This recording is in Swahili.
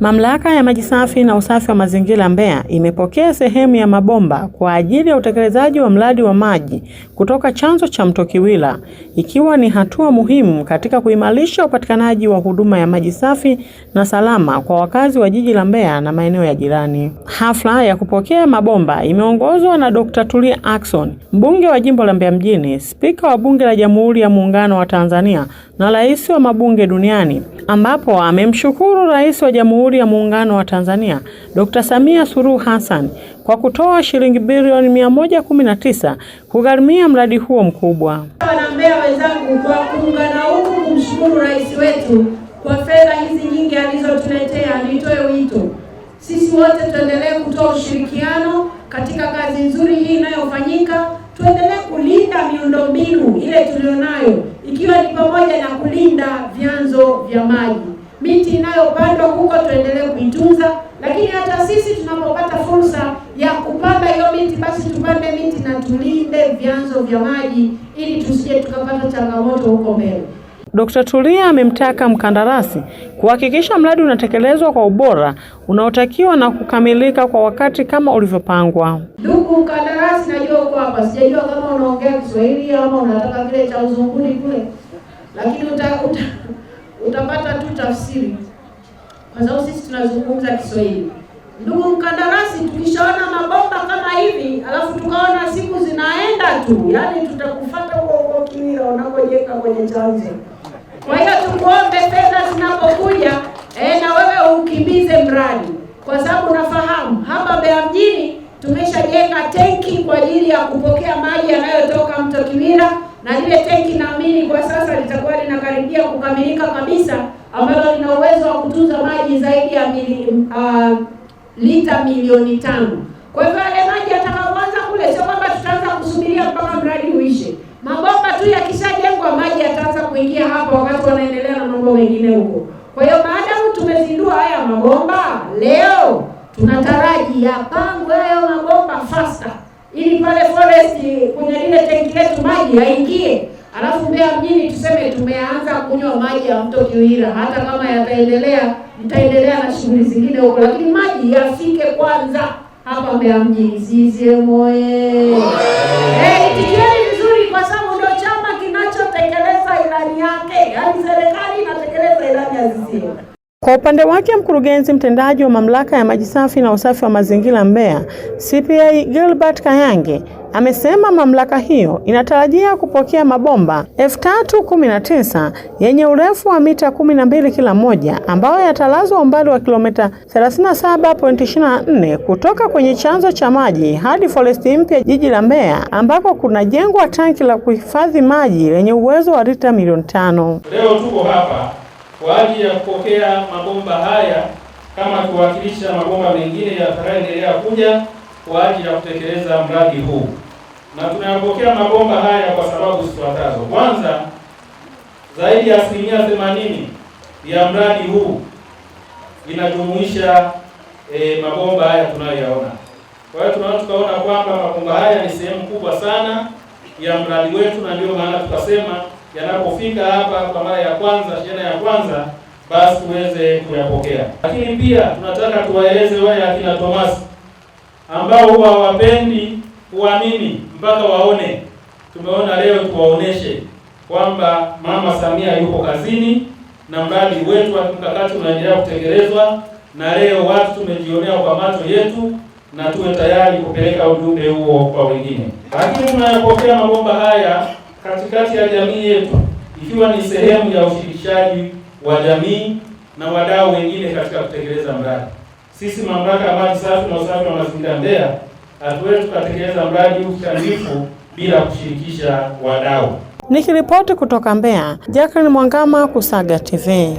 Mamlaka ya maji safi na usafi wa mazingira Mbeya imepokea sehemu ya mabomba kwa ajili ya utekelezaji wa mradi wa maji kutoka chanzo cha Mto Kiwila, ikiwa ni hatua muhimu katika kuimarisha upatikanaji wa huduma ya maji safi na salama kwa wakazi wa jiji la Mbeya na maeneo ya jirani. Hafla ya kupokea mabomba imeongozwa na Dr. Tulia Ackson, mbunge wa jimbo la Mbeya mjini, spika wa Bunge la Jamhuri ya Muungano wa Tanzania na rais wa mabunge duniani ambapo amemshukuru rais wa Jamhuri ya Muungano wa Tanzania Dr. Samia Suluhu Hassan kwa kutoa shilingi bilioni 119 kugharimia mradi huo mkubwa. Wanambeya wenzangu, kwa kuungana huku kumshukuru rais wetu kwa fedha hizi nyingi alizotuletea, nitoe wito sisi wote tuendelee kutoa ushirikiano katika kazi nzuri hii inayofanyika, tuendelee kulinda miundombinu ile tuliyonayo ikiwa ni pamoja na kulinda vyanzo vya maji. Miti inayopandwa huko tuendelee kuitunza, lakini hata sisi tunapopata fursa ya kupanda hiyo miti, basi tupande miti na tulinde vyanzo vya maji, ili tusije tukapata changamoto huko mbele. Dkt. Tulia amemtaka mkandarasi kuhakikisha mradi unatekelezwa kwa ubora unaotakiwa na kukamilika kwa wakati kama ulivyopangwa. Ndugu mkandarasi, najua uko hapa, sijajua kama unaongea Kiswahili ama unataka kile cha uzunguni kule, lakini uta, uta, utapata tu tafsiri kwa sababu sisi tunazungumza Kiswahili. Ndugu mkandarasi, tukishaona mabomba kama hivi alafu tukaona siku zinaenda tu, yaani unapojenga kwenye chanzo. Kwa hiyo tumuombe fedha zinapokuja eh, na wewe ukimbize mradi, kwa sababu unafahamu hapa Mbeya mjini tumeshajenga tenki kwa ajili ya kupokea maji yanayotoka mto Kiwira, na lile tenki naamini kwa sasa litakuwa linakaribia kukamilika kabisa, ambalo lina uwezo wa kutunza maji zaidi ya mili, uh, lita milioni tano. Kwa hivyo yale maji yatakapoanza kule mambo mengine huko. Kwa hiyo maadamu tumezindua haya mabomba leo, tunataraji yapangwe hayo mabomba fasta, ili pale forest kwenye lile tenki letu maji yaingie, alafu Mbeya mjini tuseme tumeanza kunywa maji ya mto Kiwira. Hata kama yataendelea, mtaendelea na shughuli zingine huko, lakini maji yafike kwanza hapa Mbeya mjini. CCM oyee! Hey, tikieni vizuri, kwa sababu ndio chama kinachotekeleza ilani yake, yaani kazi. Kwa upande wake mkurugenzi mtendaji wa mamlaka ya maji safi na usafi wa mazingira Mbeya, CPA Gilbert Kayange amesema mamlaka hiyo inatarajia kupokea mabomba 3019 yenye urefu wa mita 12 kila moja ambayo yatalazwa umbali wa kilomita 37.24 kutoka kwenye chanzo cha maji hadi foresti mpya jiji la Mbeya ambako kunajengwa tanki la kuhifadhi maji lenye uwezo wa lita milioni tano. Leo tuko hapa kwa ajili ya kupokea mabomba haya kama kuwakilisha mabomba mengine yatakayoendelea kuja kwa ajili ya kutekeleza mradi huu, na tunayapokea mabomba haya kwa sababu zifuatazo. Kwanza, zaidi ya asilimia themanini ya mradi huu inajumuisha e, mabomba haya tunayoyaona. Kwa hiyo tunao tukaona kwamba mabomba haya ni sehemu kubwa sana ya mradi wetu, na ndio maana tukasema yanapofika hapa kwa mara ya kwanza, shehena ya kwanza, basi tuweze kuyapokea. Lakini pia tunataka tuwaeleze wale akina Thomas ambao huwa hawapendi kuamini mpaka waone. Tumeona leo tuwaoneshe kwamba Mama Samia yuko kazini na mradi wetu wa kimkakati unaendelea kutekelezwa, na leo watu tumejionea kwa macho yetu, na tuwe tayari kupeleka ujumbe huo kwa wengine. Lakini tunayapokea mabomba haya katikati ya jamii yetu, ikiwa ni sehemu ya ushirikishaji wa jamii na wadau wengine katika kutekeleza mradi. Sisi mamlaka ya maji safi na usafi wa mazingira Mbeya hatuwezi tukatekeleza mradi kikamilifu bila kushirikisha wadau. Nikiripoti kutoka Mbeya, Jacqueline Mwangama, Kusaga TV.